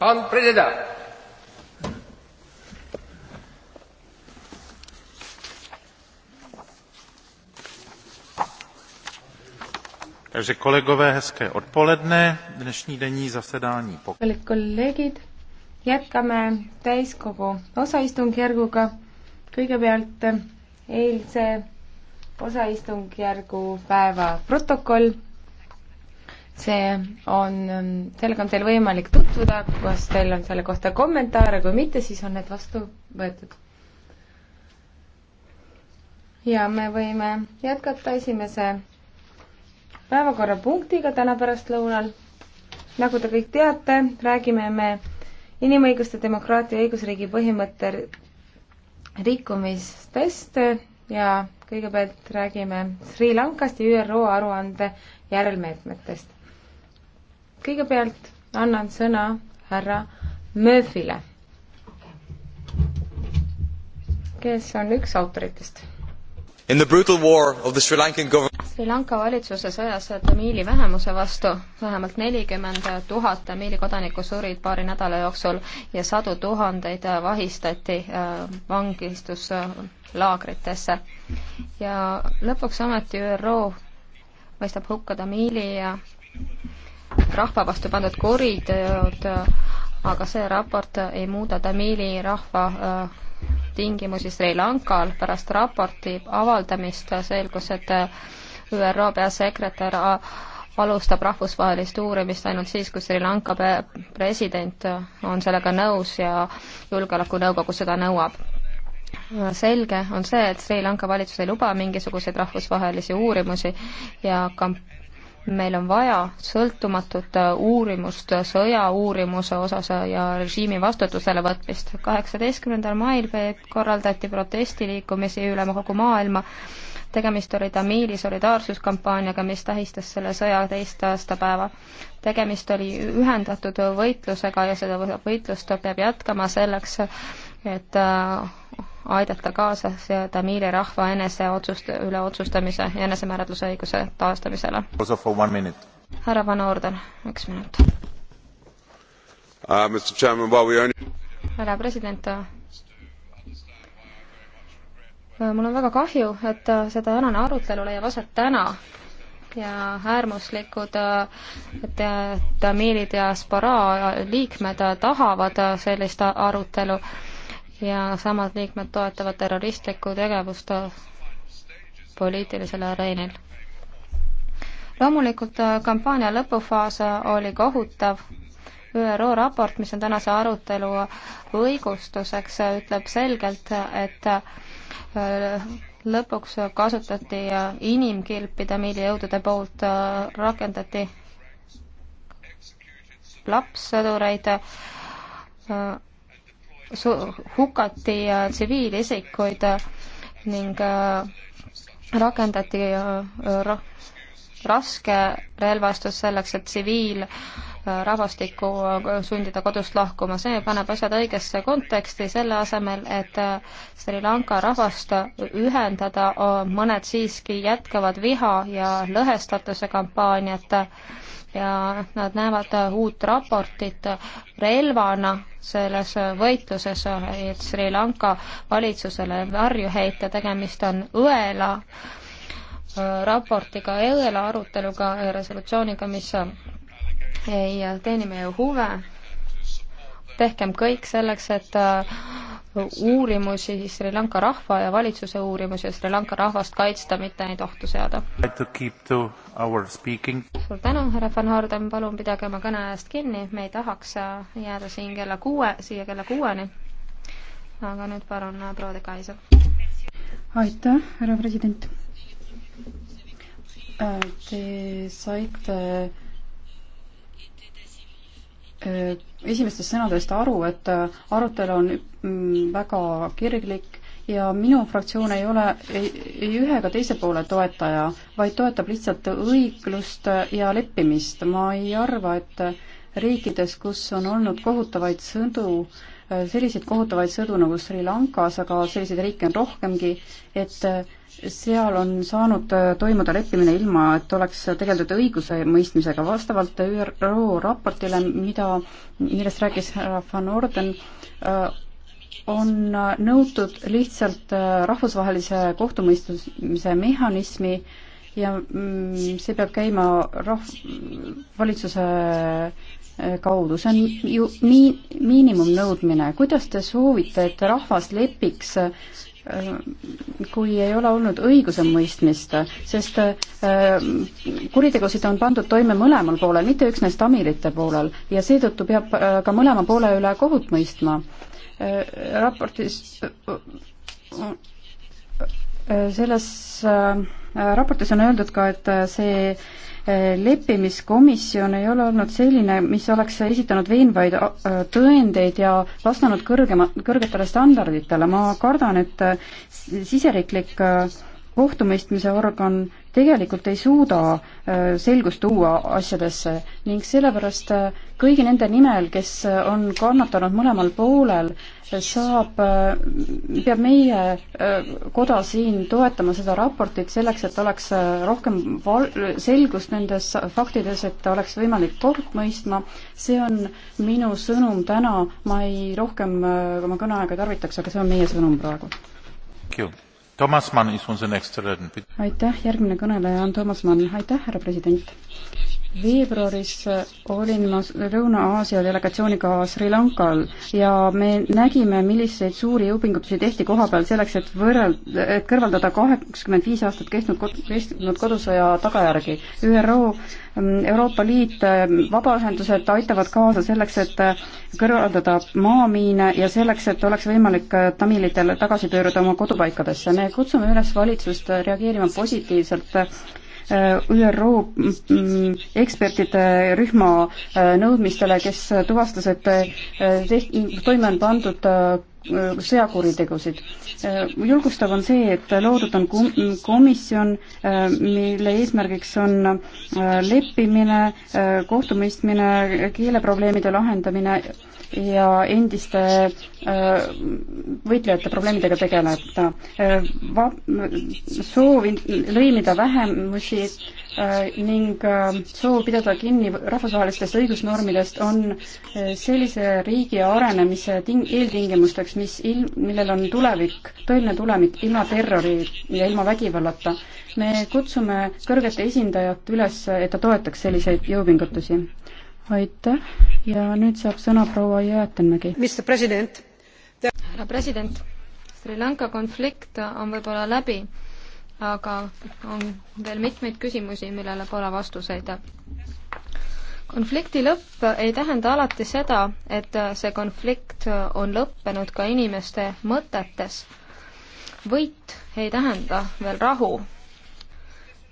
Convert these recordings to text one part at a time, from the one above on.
Pan Preda. Takže kolegové, hezké odpoledne. Dnešní denní zasedání pokračuje. kolleegid, jätkame täiskogu osaistungjärguga. Kõigepealt eilse osaistungjärgu päeva protokoll see on, ähm, sellega on teil võimalik tutvuda, kas teil on selle kohta kommentaare, kui mitte, siis on need vastu võetud. ja me võime jätkata esimese päevakorrapunktiga täna pärastlõunal. nagu te kõik teate, räägime me inimõiguste, demokraatia ja õigusriigi põhimõtte rikkumistest ja kõigepealt räägime Sri Lankast ja ÜRO aruande järelmeetmetest kõigepealt annan sõna härra Murphy'le, kes on üks autoritest in the brutal war of the Sri Lankan government. Sri Lanka valitsuse sõjas tamiili vähemuse vastu vähemalt nelikümmend tuhat tamiili kodanikku surid paari nädala jooksul ja sadu tuhandeid vahistati äh, vangistuslaagritesse. ja lõpuks ometi ÜRO mõistab hukka tamiili ja rahva vastu pandud kuriteod, aga see raport ei muuda Tamiili rahva äh, tingimusi Sri Lankal. pärast raporti avaldamist selgus, et äh, ÜRO peasekretär äh, alustab rahvusvahelist uurimist ainult siis, kui Sri Lanka president on sellega nõus ja Julgeolekunõukogu seda nõuab. selge on see, et Sri Lanka valitsus ei luba mingisuguseid rahvusvahelisi uurimusi ja kamp-, meil on vaja sõltumatut äh, uurimust äh, sõjauurimuse osas äh, ja režiimi vastutusele võtmist. kaheksateistkümnendal mail korraldati protestiliikumisi üle kogu maailma. tegemist oli Tamiili solidaarsuskampaaniaga, mis tähistas selle sõja teist aastapäeva. tegemist oli ühendatud võitlusega ja seda võitlust peab jätkama selleks, et aidata kaasa Tamiili rahva enese otsust, üle otsustamise ja enesemääratlusõiguse taastamisele. härra Van Orden, üks minut uh,. härra president, uh, mul on väga kahju, et uh, see tänane arutelu leiab aset täna ja äärmuslikud uh, Tamiili diasporaa liikmed tahavad sellist arutelu ja samad liikmed toetavad terroristlikku tegevust poliitilisel areenil. loomulikult äh, kampaania lõpufaas äh, oli kohutav, ÜRO raport, mis on tänase arutelu õigustuseks, äh, ütleb selgelt, et lõpuks kasutati inimkilpidamiidi jõudude poolt, rakendati lapssõdureid hukati äh, tsiviilisikuid äh, ning äh, rakendati ra raske relvastus selleks, et tsiviilrahvastikku sundida kodust lahkuma, see paneb asjad õigesse konteksti, selle asemel, et Sri Lanka rahvast ühendada, mõned siiski jätkavad viha ja lõhestatuse kampaaniat ja nad näevad uut raportit relvana selles võitluses, et Sri Lanka valitsusele varju heita, tegemist on õela äh, raportiga, õela aruteluga ja resolutsiooniga, mis ei teeni meie huve. tehkem kõik selleks, et äh, uurimusi, Sri Lanka rahva ja valitsuse uurimusi ja Sri Lanka rahvast kaitsta, mitte neid ohtu seada. suur tänu, härra Van Horden, palun pidage oma kõne ajast kinni, me ei tahaks äh, jääda siin kella kuue, siia kella kuueni. aga nüüd palun äh, proua de Kaisa. aitäh, härra president. Äh, te saite esimestest sõnadest aru, et äh, arutelu on mm, väga kirglik ja minu fraktsioon ei ole ei, ei ühe ega teise poole toetaja, vaid toetab lihtsalt õiglust ja leppimist. ma ei arva, et riikides, kus on olnud kohutavaid sõdu äh, selliseid kohutavaid sõdu nagu Sri Lankas, aga selliseid riike on rohkemgi, et äh, seal on saanud äh, toimuda leppimine ilma, et oleks tegeldud õigusemõistmisega. vastavalt ÜRO raportile, mida, millest rääkis härra Van Orden, äh, on nõutud lihtsalt rahvusvahelise kohtumõistmise mehhanismi ja mm, see peab käima rahv-, valitsuse kaudu, see on ju mi-, miinimumnõudmine, kuidas te soovite, et rahvas lepiks äh, kui ei ole olnud õigusemõistmist, sest äh, kuritegusid on pandud toime mõlemal poolel, mitte üksnes tamilite poolel ja seetõttu peab äh, ka mõlema poole üle kohut mõistma. raportis selles raportis on öeldud ka, et see Äh, leppimiskomisjon ei ole olnud selline, mis oleks esitanud veenvaid äh, tõendeid ja vastanud kõrgema, kõrgetele standarditele. ma kardan, et äh, siseriiklik kohtumõistmise organ tegelikult ei suuda äh, selgust tuua asjadesse ning sellepärast äh, kõigi nende nimel, kes äh, on kannatanud mõlemal poolel, saab, peab meie koda siin toetama seda raportit selleks, et oleks rohkem val-, selgust nendes faktides, et oleks võimalik kord mõistma. see on minu sõnum täna, ma ei rohkem oma kõneaega ei tarvitaks, aga see on meie sõnum praegu. Thank you aitäh, järgmine kõneleja on Toomas Mann, aitäh, härra president veebruaris olin ma Lõuna-Aasia delegatsiooniga Sri Lankal ja me nägime, milliseid suuri jõupingutusi tehti koha peal selleks, et võrreld-, et kõrvaldada kaheksakümmend viis aastat kestnud kod-, kestnud kodusõja tagajärgi. ÜRO, mm, Euroopa Liit, mm, vabaühendused aitavad kaasa selleks, et kõrvaldada maamiine ja selleks, et oleks võimalik äh, tamiilitel tagasi pöörduda oma kodupaikadesse. me kutsume üles valitsust äh, reageerima positiivselt äh, ÜRO mm, ekspertide rühma äh, nõudmistele, kes tuvastas, et äh, toime on pandud äh, sõjakuritegusid. julgustav on see, et loodud on komisjon, mille eesmärgiks on leppimine, kohtumõistmine, keeleprobleemide lahendamine ja endiste äh, võitlejate probleemidega tegeleda. Äh, va-, soov lõimida vähemusi äh, ning soov pidada kinni rahvusvahelistest õigusnormidest on sellise riigi arenemise ting-, eeltingimusteks, mis ilm, millel on tulevik, tõeline tulemik ilma terrori ja ilma vägivallata. me kutsume kõrget esindajat üles, et ta toetaks selliseid jõupingutusi aitäh ja nüüd saab sõna proua Jäätemägi. härra president, Sri Lanka konflikt on võib-olla läbi, aga on veel mitmeid küsimusi, millele pole vastuseid. konflikti lõpp ei tähenda alati seda, et see konflikt on lõppenud ka inimeste mõtetes. võit ei tähenda veel rahu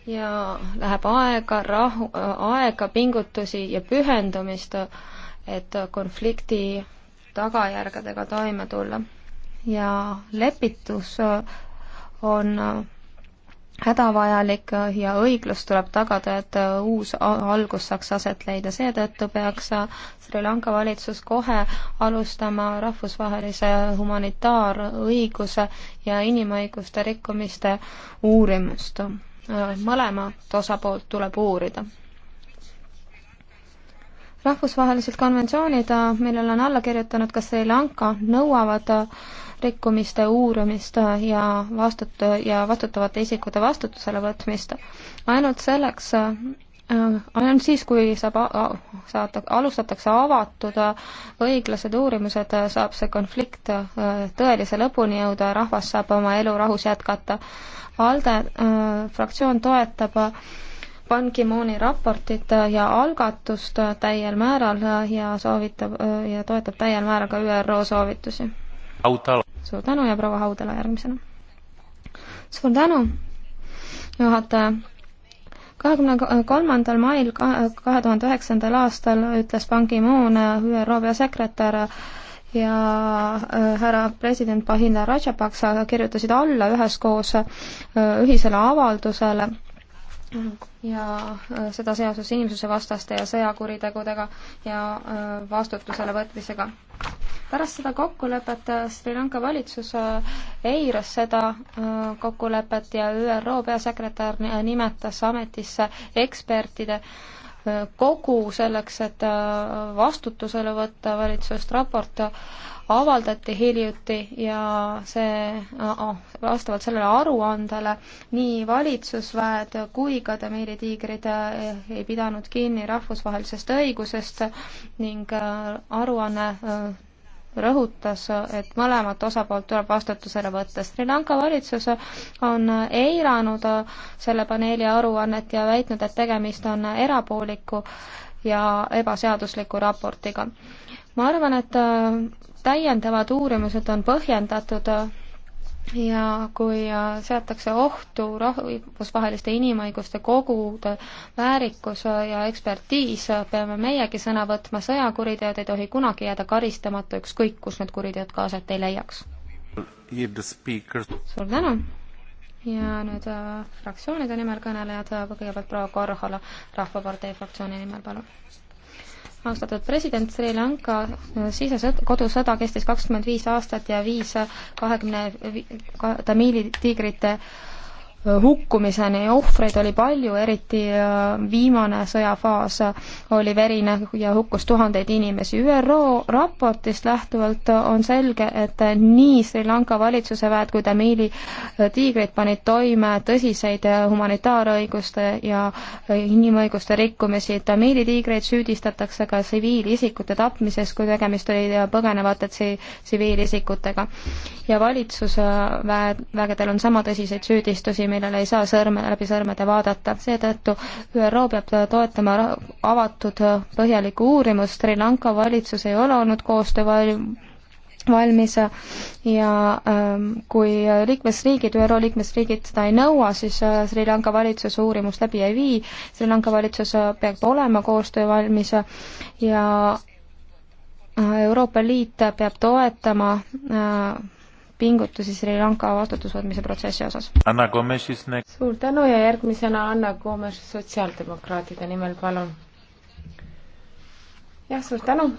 ja läheb aega, rahu, aega, pingutusi ja pühendumist, et konflikti tagajärgedega toime tulla. ja lepitus on hädavajalik ja õiglus tuleb tagada, et uus algus saaks aset leida, seetõttu peaks Sri Lanka valitsus kohe alustama rahvusvahelise humanitaarõiguse ja inimõiguste rikkumiste uurimust. Äh, mõlemat osapoolt tuleb uurida. rahvusvahelised konventsioonid, äh, millele on alla kirjutanud ka Sri Lanka, nõuavad äh, rikkumiste uurimist ja vastut- ja vastutavate isikute vastutusele võtmist. ainult selleks ainult äh, siis, kui saab, saata, alustatakse avatud äh, õiglased uurimised, äh, saab see konflikt tõelise lõpuni jõuda ja rahvas saab oma elu rahus jätkata. ALDE äh, fraktsioon toetab Ban Ki-mooni raportit ja algatust täiel määral ja soovitab ja toetab täiel määral ka ÜRO soovitusi. suur tänu ja proua Haudala järgmisena. suur tänu, juhataja kahekümne kolmandal mail kahe tuhande üheksandal aastal ütles Ban Ki-moon, äh, ÜRO peasekretär, äh, ja äh, härra president Bahina Rajapaksa kirjutasid alla üheskoos ühisele avaldusele ja äh, seda seoses inimsusevastaste ja sõjakuritegudega ja äh, vastutusele võtmisega. pärast seda kokkulepet äh, Sri Lanka valitsus eiras seda kokkulepet ja ÜRO peasekretär nimetas ametisse ekspertide äh, kogu selleks, et äh, vastutusele võtta valitsust, raport avaldati hiljuti ja see äh, oh, vastavalt sellele aruandele nii valitsusväed kui ka Tamiri tiigrid äh, ei pidanud kinni rahvusvahelisest õigusest ning aruanne rõhutas, et mõlemat osapoolt tuleb vastutusele võtta. Sri Lanka valitsus on eiranud selle paneeli aruannet ja väitnud, et tegemist on erapooliku ja ebaseadusliku raportiga. ma arvan, et täiendavad uurimused on põhjendatud ja kui äh, seatakse ohtu rahvusvaheliste inimõiguste kogude väärikus äh, ja ekspertiis, äh, peame meiegi sõna võtma, sõjakuriteod ei tohi kunagi jääda karistamata, ükskõik kus need kuriteod ka aset ei leiaks. suur tänu! ja nüüd fraktsioonide nimel kõnelejad, kõigepealt proua Korhola Rahvapartei fraktsiooni nimel, palun! austatud president, Sri Lanka äh, sisesõd-, kodusõda kestis kakskümmend viis aastat ja viis kahekümne tamiili tiigrite hukkumiseni. ohvreid oli palju, eriti äh, viimane sõjafaas oli verine ja hukkus tuhandeid inimesi. ÜRO raportist lähtuvalt on selge, et nii Sri Lanka valitsuse väed kui Tamiili äh, tiigrid panid toime tõsiseid äh, humanitaarõiguste ja inimõiguste rikkumisi. Tamiili tiigreid süüdistatakse ka tsiviilisikute tapmises, kui tegemist oli põgenevate tsiviilisikutega. ja valitsusväed, vägedel on sama tõsiseid süüdistusi, millele ei saa sõrme, läbi sõrmede vaadata. seetõttu ÜRO peab toetama avatud põhjalikku uurimust, Sri Lanka valitsus ei ole olnud koostööval-, valmis ja ähm, kui liikmesriigid, ÜRO liikmesriigid seda ei nõua, siis äh, Sri Lanka valitsus uurimust läbi ei vii, Sri Lanka valitsus äh, peab olema koostöövalmis ja äh, Euroopa Liit peab toetama äh, pingutusi Sri Lanka vastutusvõtmise protsessi osas. Anna Gomes siis ne-. suur tänu ja järgmisena Anna Gomes sotsiaaldemokraatide nimel, palun. jah, suur tänu.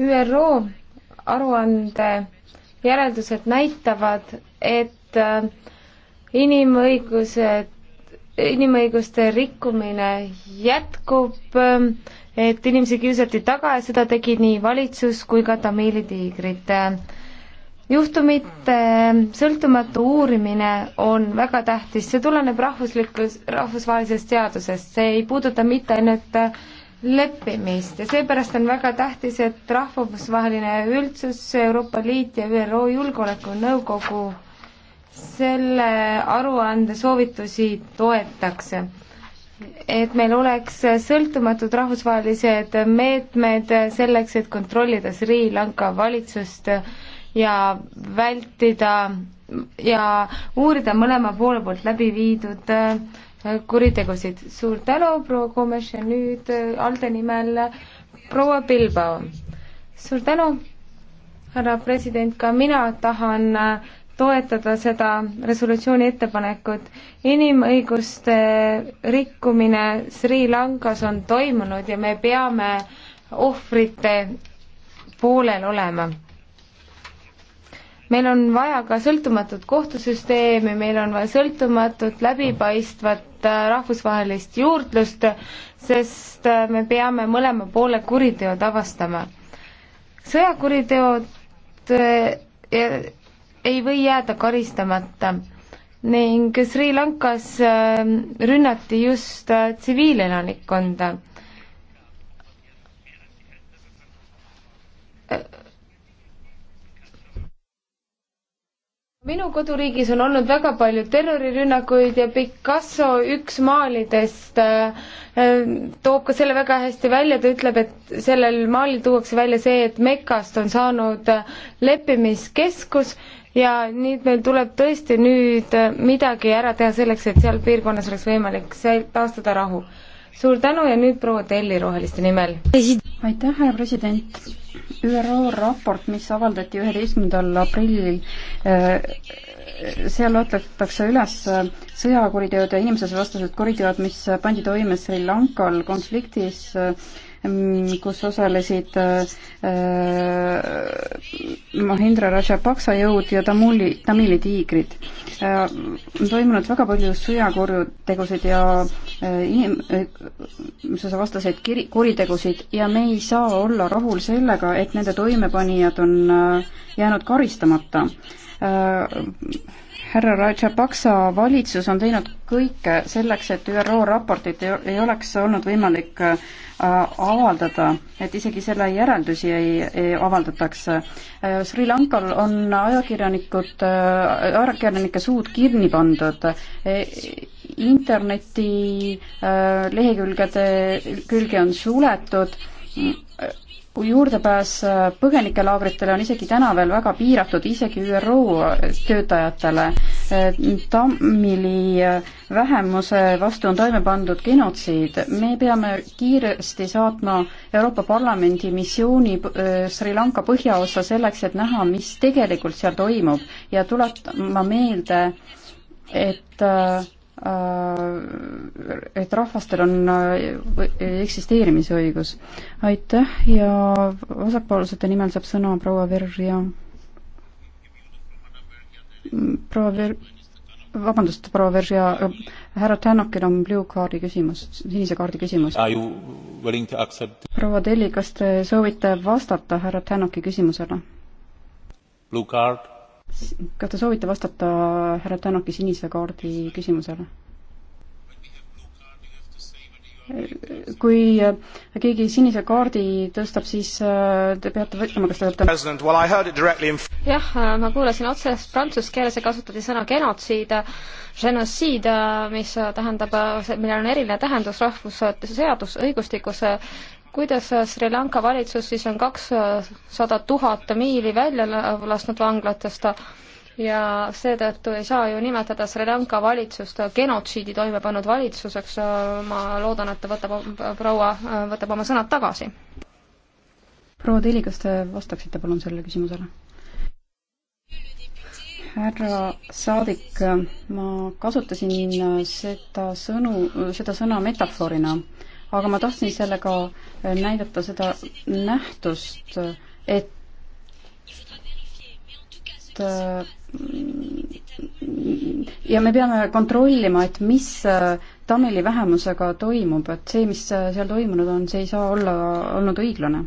ÜRO aruande järeldused näitavad, et äh, inimõigused inimõiguste rikkumine jätkub, et inimesi kiusati taga ja seda tegi nii valitsus kui ka Tamiili tiigrid. juhtumite sõltumatu uurimine on väga tähtis, see tuleneb rahvuslikus, rahvusvahelisest seadusest, see ei puuduta mitte ainult leppimist ja seepärast on väga tähtis, et rahvusvaheline üldsus, Euroopa Liit ja ÜRO Julgeolekunõukogu selle aruande soovitusi toetakse. et meil oleks sõltumatud rahvusvahelised meetmed selleks, et kontrollida Sri Lanka valitsust ja vältida ja uurida mõlema poole poolt läbi viidud äh, kuritegusid. suur tänu, proua Komes ja nüüd äh, ALDE nimel proua Bilbao. suur tänu, härra president, ka mina tahan äh, toetada seda resolutsiooni ettepanekut. inimõiguste rikkumine Sri Lankas on toimunud ja me peame ohvrite poolel olema. meil on vaja ka sõltumatut kohtusüsteemi, meil on vaja sõltumatut läbipaistvat äh, rahvusvahelist juurdlust, sest äh, me peame mõlema poole kuriteod avastama. sõjakuriteod äh, ja ei või jääda karistamata ning Sri Lankas ähm, rünnati just äh, tsiviilelanikkonda. Äh, minu koduriigis on olnud väga palju terrorirünnakuid ja Picasso üks maalidest äh, toob ka selle väga hästi välja, ta ütleb, et sellel maalil tuuakse välja see, et Mekast on saanud leppimiskeskus ja nüüd meil tuleb tõesti nüüd äh, midagi ära teha selleks, et seal piirkonnas oleks võimalik taastada rahu. suur tänu ja nüüd proua Telli Roheliste nimel. aitäh, härra president. ÜRO raport, mis avaldati üheteistkümnendal aprillil äh, seal loetletakse üles äh, sõjakuriteod ja inimsusevastased kuriteod, mis pandi toime Sri Lankal konfliktis Mm, kus osalesid äh, äh, Mahindra Rajapaksa jõud ja Tamuli, Tamili tiigrid. Äh, on toimunud väga palju sõjakuritegusid ja inimsuse vastaseid kiri-, kuritegusid ja me ei saa olla rahul sellega, et nende toimepanijad on jäänud karistamata härra Rajapaksa valitsus on teinud kõike selleks, et ÜRO raportit ei oleks olnud võimalik äh, avaldada, et isegi selle järeldusi ei, ei avaldataks. Äh, Sri Lankal on ajakirjanikud, äh, ajakirjanike suud kinni pandud, interneti lehekülgede, külgi on suletud, juurdepääs äh, põgenikelaagritele on isegi täna veel väga piiratud, isegi ÜRO töötajatele. Äh, Tammili äh, vähemuse vastu on toime pandud genotsiid. me peame kiiresti saatma Euroopa Parlamendi missiooni Sri Lanka põhjaossa selleks, et näha, mis tegelikult seal toimub ja tuletama meelde, et äh, Äh, et rahvastel on äh, eksisteerimisõigus. aitäh ja vasakpoolsete nimel saab sõna proua Verja. Mm, proua Ver-, vabandust, proua Verja, härra Tänakil on blue kaardi küsimus, sinise kaardi küsimus. proua Telli, kas te soovite vastata härra Tänaki küsimusele? Blue card kas te soovite vastata härra Tänaki sinise kaardi küsimusele? kui äh, keegi sinise kaardi tõstab, siis äh, te peate võtlema, kas te olete jah, äh, ma kuulasin otsest prantsuse keeles ja kasutati sõna genotsiid, genotsiid, mis tähendab, millel on eriline tähendus rahvusseadus, õigustikus kuidas äh, Sri Lanka valitsus siis on kakssada tuhat miili välja lasknud vanglatest ja seetõttu ei saa ju nimetada Sri Lanka valitsust genotsiidi toime pannud valitsuseks, ma loodan, et ta võtab, äh, proua äh, võtab oma sõnad tagasi. proua Teli, kas te vastaksite palun sellele küsimusele? härra saadik, ma kasutasin seda sõnu, seda sõna metafoorina aga ma tahtsin sellega äh, näidata seda nähtust, et äh, ja me peame kontrollima, et mis äh, Tamili vähemusega toimub, et see, mis seal toimunud on, see ei saa olla olnud õiglane.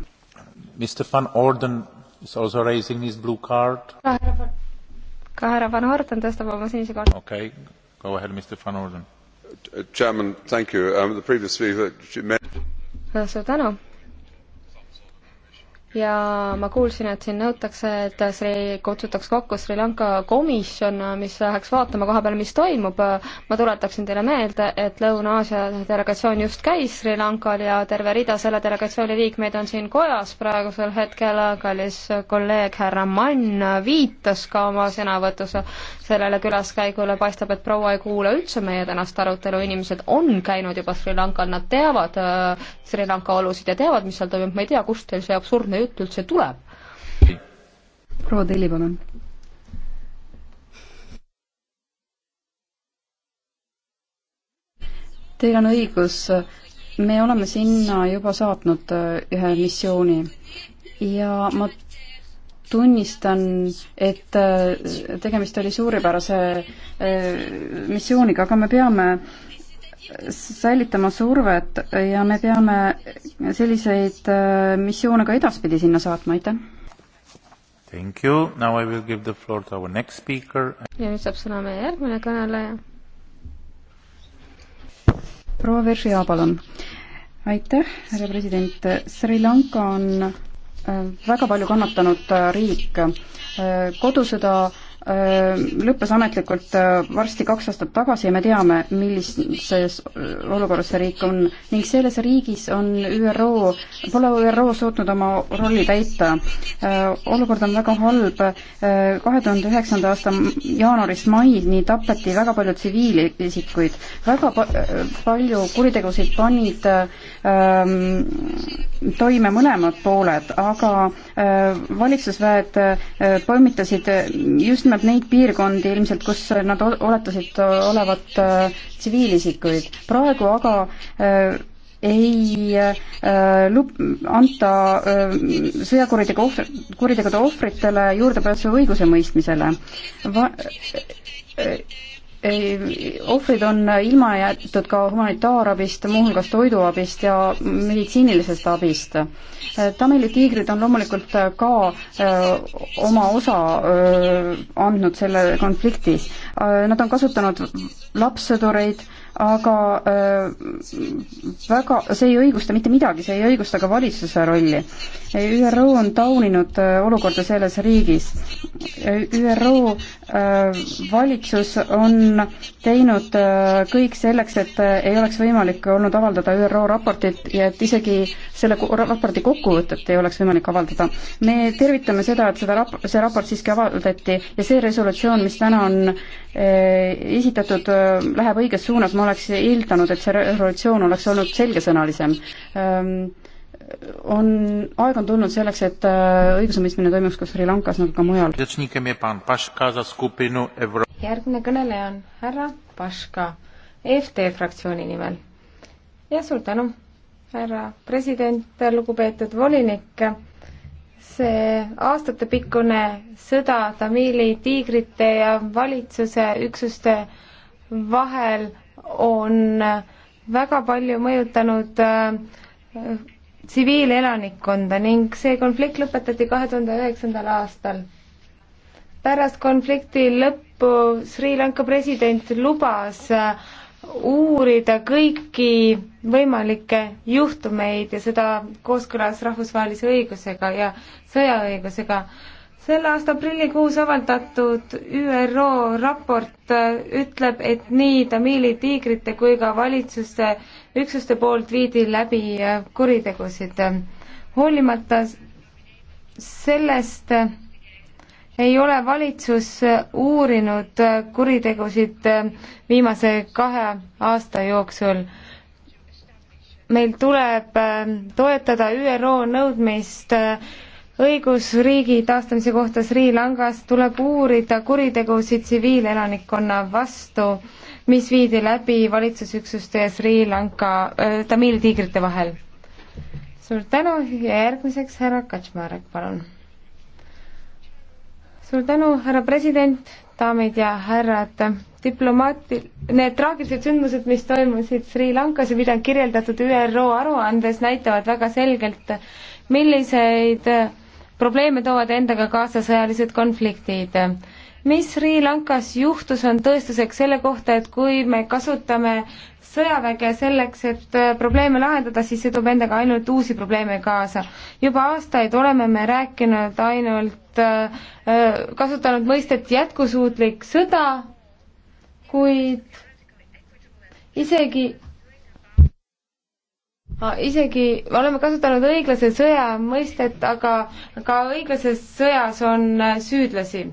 Mr Van Orden is also raising his blue card. ka härra Van Orden tõstab oma sinise kaardi. okei okay., go ahead, Mr Van Orden Um, suur tänu ja ma kuulsin, et siin nõutakse, et Sri, kutsutaks kokku Sri Lanka komisjon, mis läheks vaatama koha peal, mis toimub. ma tuletaksin teile meelde, et Lõuna-Aasia delegatsioon just käis Sri Lankal ja terve rida selle delegatsiooni liikmeid on siin kojas praegusel hetkel, kallis kolleeg härra Mann viitas ka oma sõnavõtus sellele külaskäigule, paistab, et proua ei kuula üldse meie tänast arutelu, inimesed on käinud juba Sri Lankal, nad teavad äh, Sri Lanka olusid ja teavad, mis seal toimub, ma ei tea, kust teil see absurdne jutt üldse tuleb? proua Telli, palun. Teil on õigus, me oleme sinna juba saatnud äh, ühe missiooni ja ma tunnistan, et äh, tegemist oli suurepärase äh, missiooniga, aga me peame säilitama survet ja me peame selliseid äh, missioone ka edaspidi sinna saatma, aitäh! Thank you, now I will give the floor to our next speaker. ja nüüd saab sõna meie järgmine kõneleja. proua Veržia, palun. aitäh, härra president, Sri Lanka on äh, väga palju kannatanud äh, riik. kodusõda lõppes ametlikult varsti kaks aastat tagasi ja me teame, millises olukorras see riik on ning selles riigis on ÜRO, pole ÜRO suutnud oma rolli täita. olukord on väga halb, kahe tuhande üheksanda aasta jaanuarist maini tapeti väga palju tsiviilisikuid, väga pa palju kuritegusid panid äh, Ehm, toime mõlemad pooled, aga eh, valitsusväed eh, pommitasid eh, just nimelt neid piirkondi ilmselt, kus nad oletasid olevat tsiviilisikuid. praegu aga ei äh, lup-, anta äh, sõjakuritega ohvr-, kuritegude ohvritele juurdepääsu õigusemõistmisele Va- äh,, ohvrid on ilma jäetud ka humanitaarabist, muuhulgas toiduabist ja meditsiinilisest abist. Tamili tiigrid on loomulikult ka öö, äh, oma osa öö, äh, andnud selle konfliktis. Äh, nad on kasutanud lapssõdureid aga äh, väga, see ei õigusta mitte midagi, see ei õigusta ka valitsuse rolli. ÜRO on tauninud äh, olukorda selles riigis. ÜRO äh, valitsus on teinud kõik selleks, et ei oleks võimalik olnud avaldada ÜRO raportit ja et isegi selle raporti kokkuvõtet ei oleks võimalik avaldada. me tervitame seda, et seda rap-, see raport siiski avaldati ja see resolutsioon, mis täna on esitatud, läheb õiges suunas, ma ma oleks eeldanud, et see resolutsioon oleks olnud selgesõnalisem. on, aeg on tulnud selleks, et äh, õigusemõistmine toimuks ka Sri Lankas nagu ka mujal. järgmine kõneleja on härra Paška EFT fraktsiooni nimel. ja suur tänu, härra president, lugupeetud volinik, see aastatepikkune sõda Tamiili tiigrite ja valitsuse üksuste vahel on väga palju mõjutanud äh, tsiviilelanikkonda äh, ning see konflikt lõpetati kahe tuhande üheksandal aastal. pärast konflikti lõppu Sri Lanka president lubas äh, uurida kõiki võimalikke juhtumeid ja seda kooskõlas rahvusvahelise õigusega ja sõjaõigusega selle aasta aprillikuus avaldatud ÜRO raport äh, ütleb, et nii Tamiili tiigrite kui ka valitsuste üksuste poolt viidi läbi äh, kuritegusid. hoolimata sellest äh, ei ole valitsus uurinud kuritegusid viimase kahe aasta jooksul meil tuleb toetada ÜRO nõudmist õigusriigi taastamise kohta Sri Lankas tuleb uurida kuritegusid tsiviilelanikkonna vastu, mis viidi läbi valitsusüksuste ja Sri Lanka äh, tamiiltiigrite vahel. suur tänu ja järgmiseks härra Kaczmarek, palun. suur tänu, härra president, daamid ja härrad diplomaati-, need traagilised sündmused, mis toimusid Sri Lankas ja mida on kirjeldatud ÜRO aruandes, näitavad väga selgelt, milliseid probleeme toovad endaga kaasa sõjalised konfliktid. mis Sri Lankas juhtus, on tõestuseks selle kohta, et kui me kasutame sõjaväge selleks, et äh, probleeme lahendada, siis see toob endaga ainult uusi probleeme kaasa. juba aastaid oleme me rääkinud ainult, äh, äh, kasutanud mõistet jätkusuutlik sõda, kuid isegi isegi, me oleme kasutanud õiglase sõja mõistet, aga ka õiglases sõjas on äh, süüdlasi.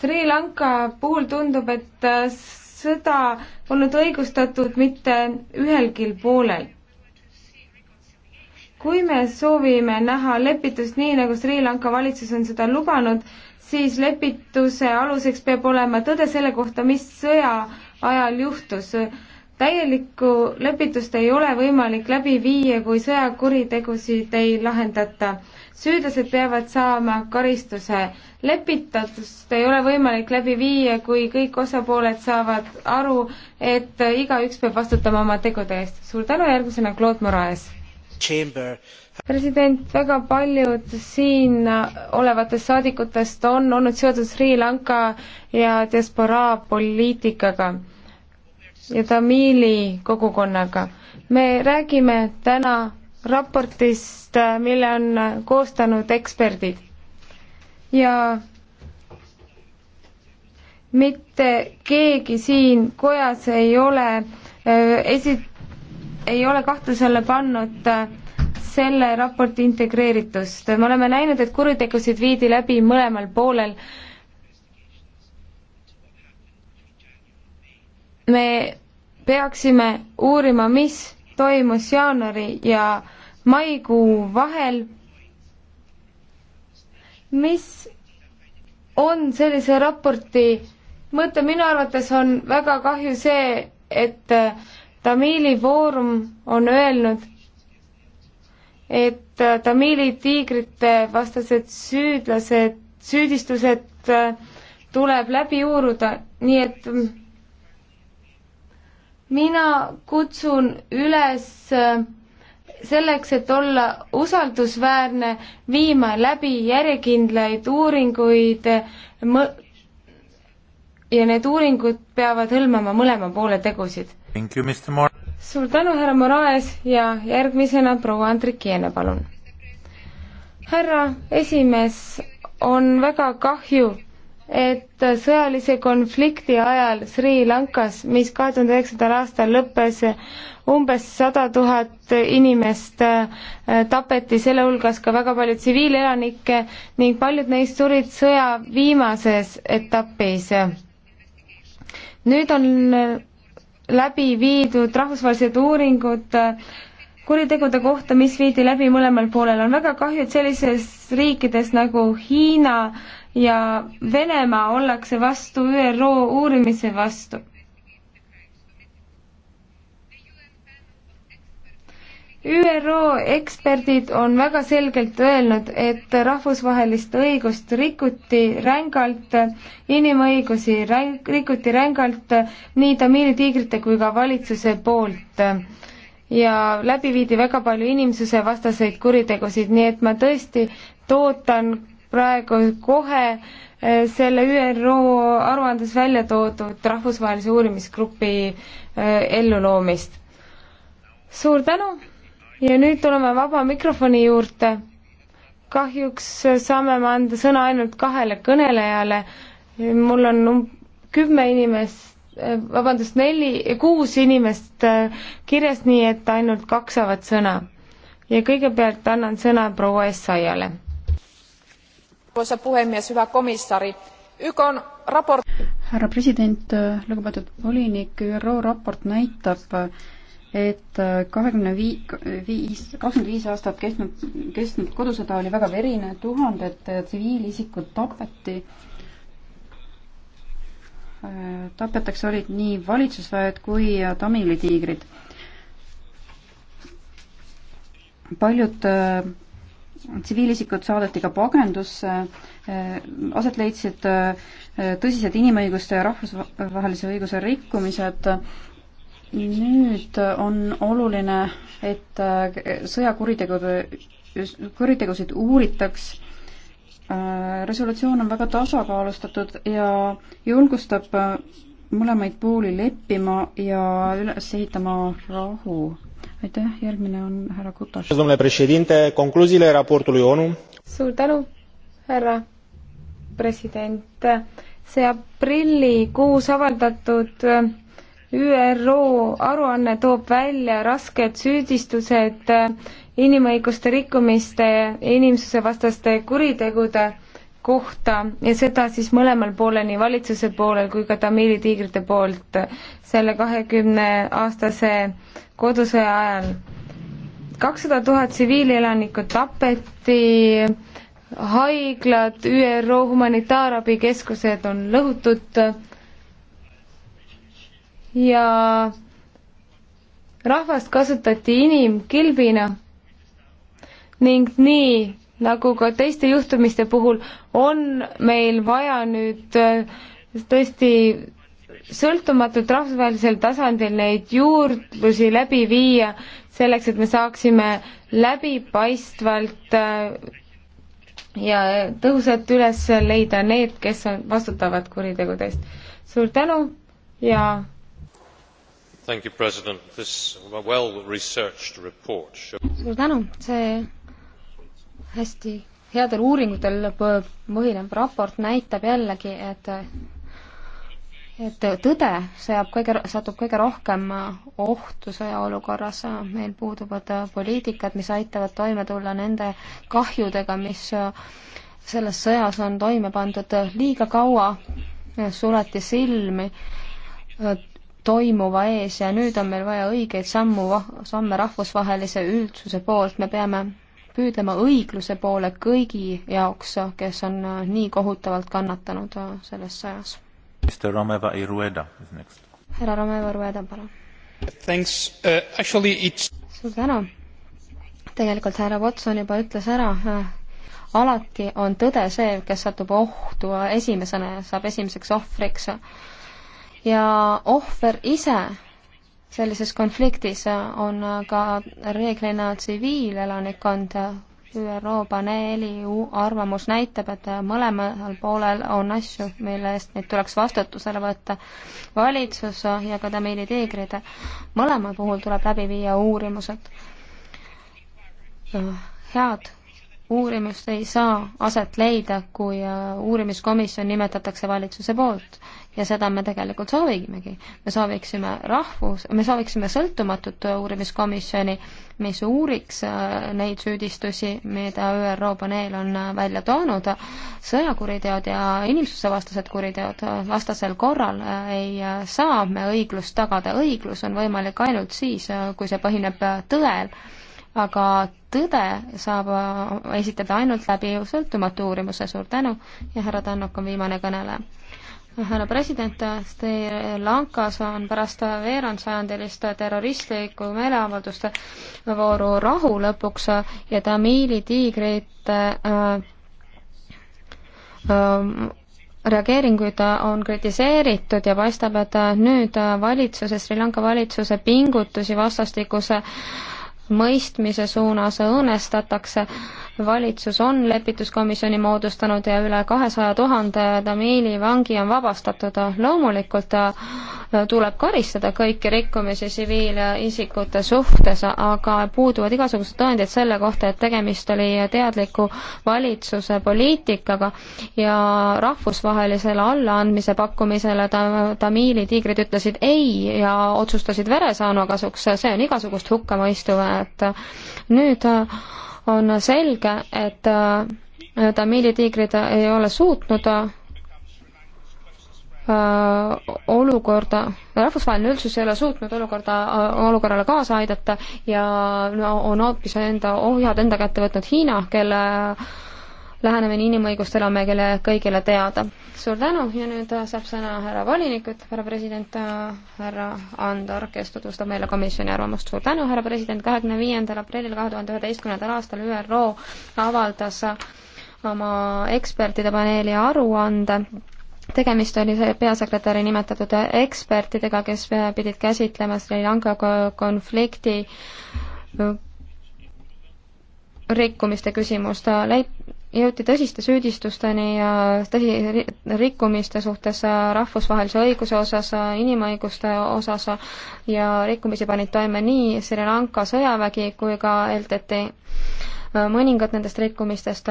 Sri Lanka puhul tundub, et äh, sõda polnud õigustatud mitte ühelgi poolel. kui me soovime näha lepitust nii, nagu Sri Lanka valitsus on seda lubanud, siis lepituse aluseks peab olema tõde selle kohta, mis sõja ajal juhtus. täielikku lepitust ei ole võimalik läbi viia, kui sõjakuritegusid ei lahendata. süüdlased peavad saama karistuse. lepitust ei ole võimalik läbi viia, kui kõik osapooled saavad aru, et igaüks peab vastutama oma tegude eest. suur tänu, järgmisena Claude Moraes president, väga paljud siin olevatest saadikutest on olnud seotud Sri Lanka ja diasporaa poliitikaga ja tamiili kogukonnaga. me räägime täna raportist, äh, mille on äh, koostanud eksperdid ja mitte keegi siin kojas ei ole äh, esi-, ei ole kahtluse alla pannud selle raporti integreeritust. me oleme näinud, et kuritegusid viidi läbi mõlemal poolel. me peaksime uurima, mis toimus jaanuari ja maikuu vahel, mis on sellise raporti mõte, minu arvates on väga kahju see, et äh, Tamiili Foorum on öelnud, et äh, Tamiili tiigrite vastased süüdlased, süüdistused äh, tuleb läbi uuruda, nii et mm, mina kutsun üles äh, selleks, et olla usaldusväärne, viima läbi järjekindlaid uuringuid äh, ja need uuringud peavad hõlmama mõlema poole tegusid. suur tänu, härra Moraes ja järgmisena proua Andrikiene, palun. härra esimees, on väga kahju, et sõjalise konflikti ajal Sri Lankas, mis kahe tuhande üheksandal aastal lõppes, umbes sada tuhat inimest äh, tapeti, selle hulgas ka väga palju tsiviilelanikke ning paljud neist surid sõja viimases etapis. nüüd on äh, läbi viidud rahvusvahelised uuringud äh, kuritegude kohta, mis viidi läbi mõlemal poolel, on väga kahju, et sellises riikides nagu Hiina äh, ja Venemaa ollakse vastu ÜRO uurimise vastu. ÜRO eksperdid on väga selgelt öelnud, et rahvusvahelist õigust rikuti rängalt, inimõigusi räng, rikuti rängalt nii Tamiili tiigrite kui ka valitsuse poolt ja läbi viidi väga palju inimsusevastaseid kuritegusid, nii et ma tõesti ootan praegu kohe eh, selle ÜRO aruandes välja toodud rahvusvahelise uurimisgrupi eh, elluloomist. suur tänu ja nüüd tuleme vaba mikrofoni juurde. kahjuks saame me anda sõna ainult kahele kõnelejale. mul on um-, kümme inimest, eh, vabandust, neli, kuus inimest kirjas, nii et ainult kaks saavad sõna. ja kõigepealt annan sõna proua Essayale arvoisa puhemies hyvä komissari ykn raport härra president lugupeetud volinik ÜRO raport näitab et kahekümne viis, kakskümmend viis aastat kestnud, kestnud kodusõda oli väga verine, tuhanded tsiviilisikud tapeti. tapetakse olid nii valitsusväed kui Tamili tiigrid. paljud tsiviilisikud saadeti ka pagendusse, eh, aset leidsid eh, tõsised inimõiguste ja rahvusvahelise õiguse rikkumised, nüüd on oluline, et eh, sõjakuritegude, kuritegusid uuritaks, resolutsioon on väga tasakaalustatud ja julgustab mõlemaid pooli leppima ja üles ehitama rahu aitäh, järgmine on härra Kutas. konkluusiile raportului ONU. suur tänu, härra president. see aprillikuus avaldatud ÜRO aruanne toob välja rasked süüdistused inimõiguste rikkumiste ja inimsusevastaste kuritegude kohta ja seda siis mõlemal poolel, nii valitsuse poolel kui ka Tamiili tiigrite poolt selle kahekümne aastase kodusõja ajal. kakssada tuhat tsiviilelanikku tapeti, haiglad, ÜRO humanitaarabikeskused on lõhutud ja rahvast kasutati inimkilbina ning nii nagu ka teiste juhtumiste puhul, on meil vaja nüüd äh, tõesti sõltumatult rahvusvahelisel tasandil neid juurdlusi läbi viia, selleks et me saaksime läbipaistvalt äh, ja tõhusalt üles leida need, kes on, vastutavad kuritegude eest. suur tänu ja suur tänu, see hästi headel uuringutel põhinev raport näitab jällegi, et et tõde sajab kõige, satub kõige rohkem ohtu sõjaolukorras, meil puuduvad poliitikad, mis aitavad toime tulla nende kahjudega, mis selles sõjas on toime pandud liiga kaua, suleti silmi toimuva ees ja nüüd on meil vaja õigeid sammu, samme rahvusvahelise üldsuse poolt, me peame püüdlema õigluse poole kõigi jaoks, kes on äh, nii kohutavalt kannatanud äh, selles sõjas. härra Romeva Rueda, palun. Uh, suur tänu. tegelikult härra Watson juba ütles ära, äh, alati on tõde see, kes satub ohtu esimesena ja saab esimeseks ohvriks. ja ohver ise sellises konfliktis on ka reeglina tsiviilelanikkond. ÜRO paneeli arvamus näitab, et mõlemal poolel on asju, mille eest neid tuleks vastutusele võtta. valitsus ja ka Tamiili tiigrid, mõlema puhul tuleb läbi viia uurimused. head uurimust ei saa aset leida, kui uurimiskomisjon nimetatakse valitsuse poolt ja seda me tegelikult soovimegi. me sooviksime rahvus, me sooviksime sõltumatut uurimiskomisjoni, mis uuriks äh, neid süüdistusi, mida ÜRO paneel on äh, välja toonud, sõjakuriteod ja inimsusevastased kuriteod äh, vastasel korral ei saa me õiglust tagada, õiglus on võimalik ainult siis, kui see põhineb tõel aga tõde saab esitada ainult läbi sõltumatu uurimuse, suur tänu ja härra Tannok on viimane kõneleja härra president, Sri Lankas on pärast veerandsajandilist terroristlikku meeleavalduste vooru rahu lõpuks ja Tamiili tiigrite äh, äh, reageeringuid on kritiseeritud ja paistab, et nüüd valitsuse, Sri Lanka valitsuse pingutusi vastastikuse mõistmise suunas õõnestatakse äh, valitsus on lepituskomisjoni moodustanud ja üle kahesaja tuhande Tamiili vangi on vabastatud. loomulikult äh, tuleb karistada kõiki rikkumisi tsiviilisikute suhtes, aga puuduvad igasugused tõendid selle kohta, et tegemist oli teadliku valitsuse poliitikaga ja rahvusvahelisele allaandmise pakkumisele ta-, Tamiili tiigrid ütlesid ei ja otsustasid veresaanu kasuks, see on igasugust hukkamõistu väärt. nüüd äh, on selge, et äh, Tamiili tiigrid ei ole suutnud äh, olukorda, rahvusvaheline üldsus ei ole suutnud olukorda, äh, olukorrale kaasa aidata ja no on hoopis enda, ohjad enda kätte võtnud Hiina, kelle lähenemine inimõigustele on meile kõigile teada. suur tänu ja nüüd äh, saab sõna härra volinikud, härra president, äh, härra Andor, kes tutvustab meile komisjoni arvamust. suur tänu, härra president, kahekümne viiendal aprillil kahe tuhande üheteistkümnendal aastal ÜRO avaldas äh, oma ekspertide paneeli aruande tegemist oli peasekretäri nimetatud ekspertidega, kes pidid käsitlema Sri Lanka konflikti rikkumiste küsimust jõuti tõsiste süüdistusteni ja tõsi, rikkumiste suhtes äh, rahvusvahelise õiguse osas, äh, inimõiguste osas äh, ja rikkumisi panid toime nii Sri Lanka sõjavägi kui ka LTT. mõningad nendest rikkumistest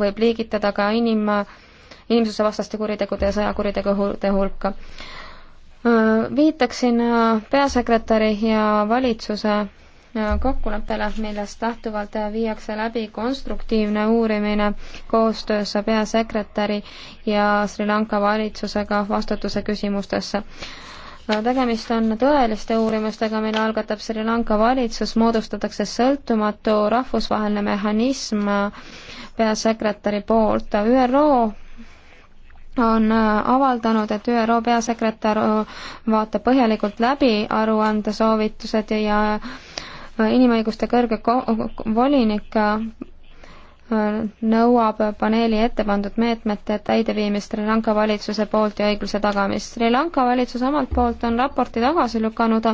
võib liigitada ka inim, inimsusevastaste kuritegude ja sõjakuritegude hulka. viitaksin peasekretäri ja valitsuse kokkuleppele, millest lähtuvalt viiakse läbi konstruktiivne uurimine koostöös peasekretäri ja Sri Lanka valitsusega vastutuse küsimustesse. tegemist on tõeliste uurimustega, mille algatab Sri Lanka valitsus, moodustatakse sõltumatu rahvusvaheline mehhanism peasekretäri poolt. ÜRO on avaldanud, et ÜRO peasekretär vaatab põhjalikult läbi aruandesoovitused ja, ja inimõiguste kõrge volinik äh, nõuab paneeli ette pandud meetmete täideviimist Sri Lanka valitsuse poolt ja õigluse tagamist. Sri Lanka valitsus omalt poolt on raporti tagasi lükanud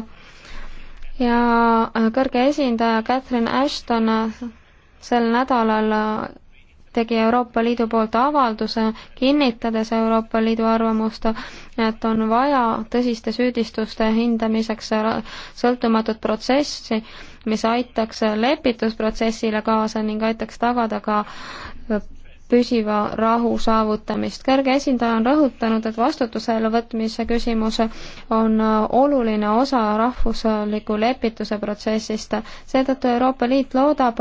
ja äh, kõrge esindaja Catherine Ashton äh, sel nädalal tegi Euroopa Liidu poolt avalduse, kinnitades Euroopa Liidu arvamust, et on vaja tõsiste süüdistuste hindamiseks sõltumatut protsessi, mis aitaks lepitusprotsessile kaasa ning aitaks tagada ka püsiva rahu saavutamist. kõrge esindaja on rõhutanud, et vastutusele võtmise küsimus on oluline osa rahvusliku lepituse protsessist. seetõttu Euroopa Liit loodab,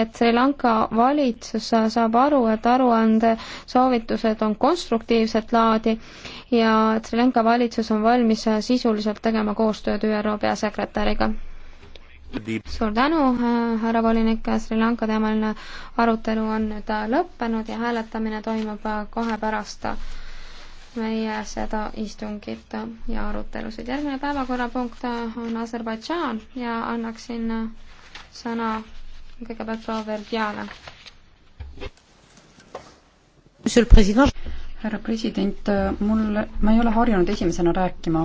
et Sri Lanka valitsus saab aru, et aruande soovitused on konstruktiivset laadi ja et Sri Lanka valitsus on valmis sisuliselt tegema koostööd ÜRO peasekretäriga suur tänu, äh, härra volinik, Sri Lanka teemaline arutelu on nüüd äh, lõppenud ja hääletamine toimub äh, kohe pärast meie seda istungit ja arutelusid. järgmine päevakorrapunkt on Aserbaidžaan ja annaksin sõna kõigepealt proua Verdiale. härra president, mul, ma ei ole harjunud esimesena rääkima